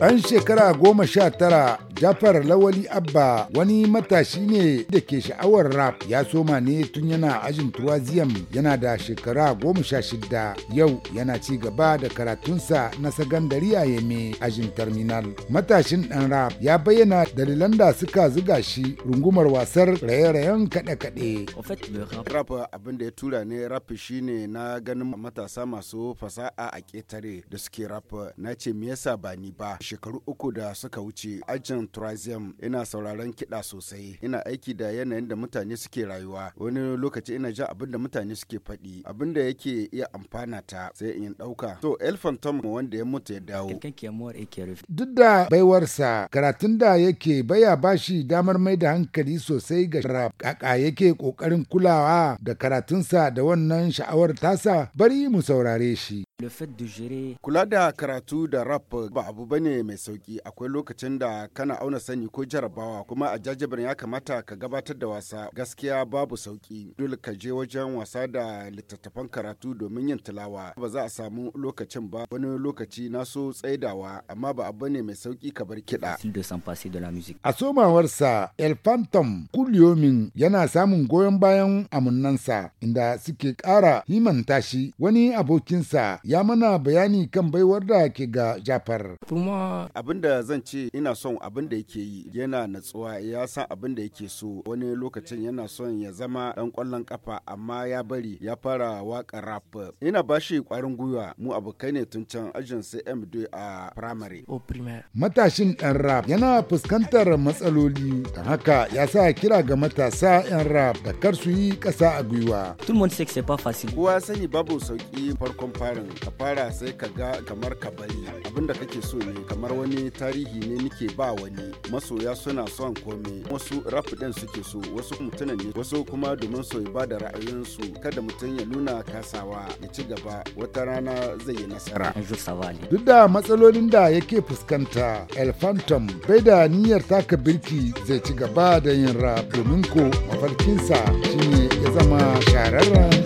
ɗan shekara goma sha tara Jafar Lawali Abba wani matashi ne da ke sha'awar rap ya soma ne tun yana ajin tuwaziyam yana da shekara goma sha shida yau yana ci gaba da karatunsa na sagandari a yame ajin terminal. Matashin ɗan rap ya bayyana dalilan da suka zuga shi rungumar wasar raye-rayen kaɗe-kaɗe. Rap abinda ya tura ne rap shine na ganin matasa masu fasa'a a ƙetare da suke rap na ce me yasa ba ni ba shekaru uku da suka wuce ajin son ina sauraron kiɗa sosai ina aiki da yanayin da mutane suke rayuwa wani lokaci ina ja abin da mutane suke faɗi abin da yake iya amfana ta sai in ɗauka. so El Phantom wanda ya mutu ya dawo. Duk da baiwarsa karatun da yake baya bashi damar mai da hankali sosai ga rap kaka yake kokarin kulawa da karatunsa da wannan sha'awar tasa bari mu saurare shi. Kula da karatu da rap ba abu bane mai sauki akwai lokacin da kana auna sani ko jarabawa kuma a jajibirin ya kamata ka gabatar da wasa gaskiya babu sauki dole ka je wajen wasa da littattafan karatu domin yin tilawa ba za a samu lokacin ba wani lokaci na so tsaidawa amma ba abu ne mai sauki ka bar kiɗa. A sa El Phantom kuliomin yana samun goyon bayan aminnansa inda suke ƙara himanta shi wani abokinsa ya mana bayani kan baiwar da ke ga Jafar. Abin da zan ce ina son abin da yake yi yana natsuwa ya san abin da yake so wani lokacin yana son ya zama dan kwallon kafa amma ya bari ya fara waka rap ina ba shi kwarin gwiwa mu abokai ne tun can ajin cm a primary matashin dan rap yana fuskantar matsaloli don haka ya sa kira ga matasa yan rap da kar su yi kasa a gwiwa kowa sani babu sauki farkon farin ka fara sai ka ga kamar ka bari abinda kake so ne kamar wani tarihi ne nike ba wani masoya suna son komai wasu rap din suke so wasu mutunan ne wasu kuma domin so ba da ra'ayinsu kada mutum ya nuna kasawa ya ci gaba wata rana zai yi nasara duk da matsalolin da yake fuskanta el phantom bai da niyyar taka birki zai ci gaba da yin rap domin ko mafarkinsa shine ya zama shararren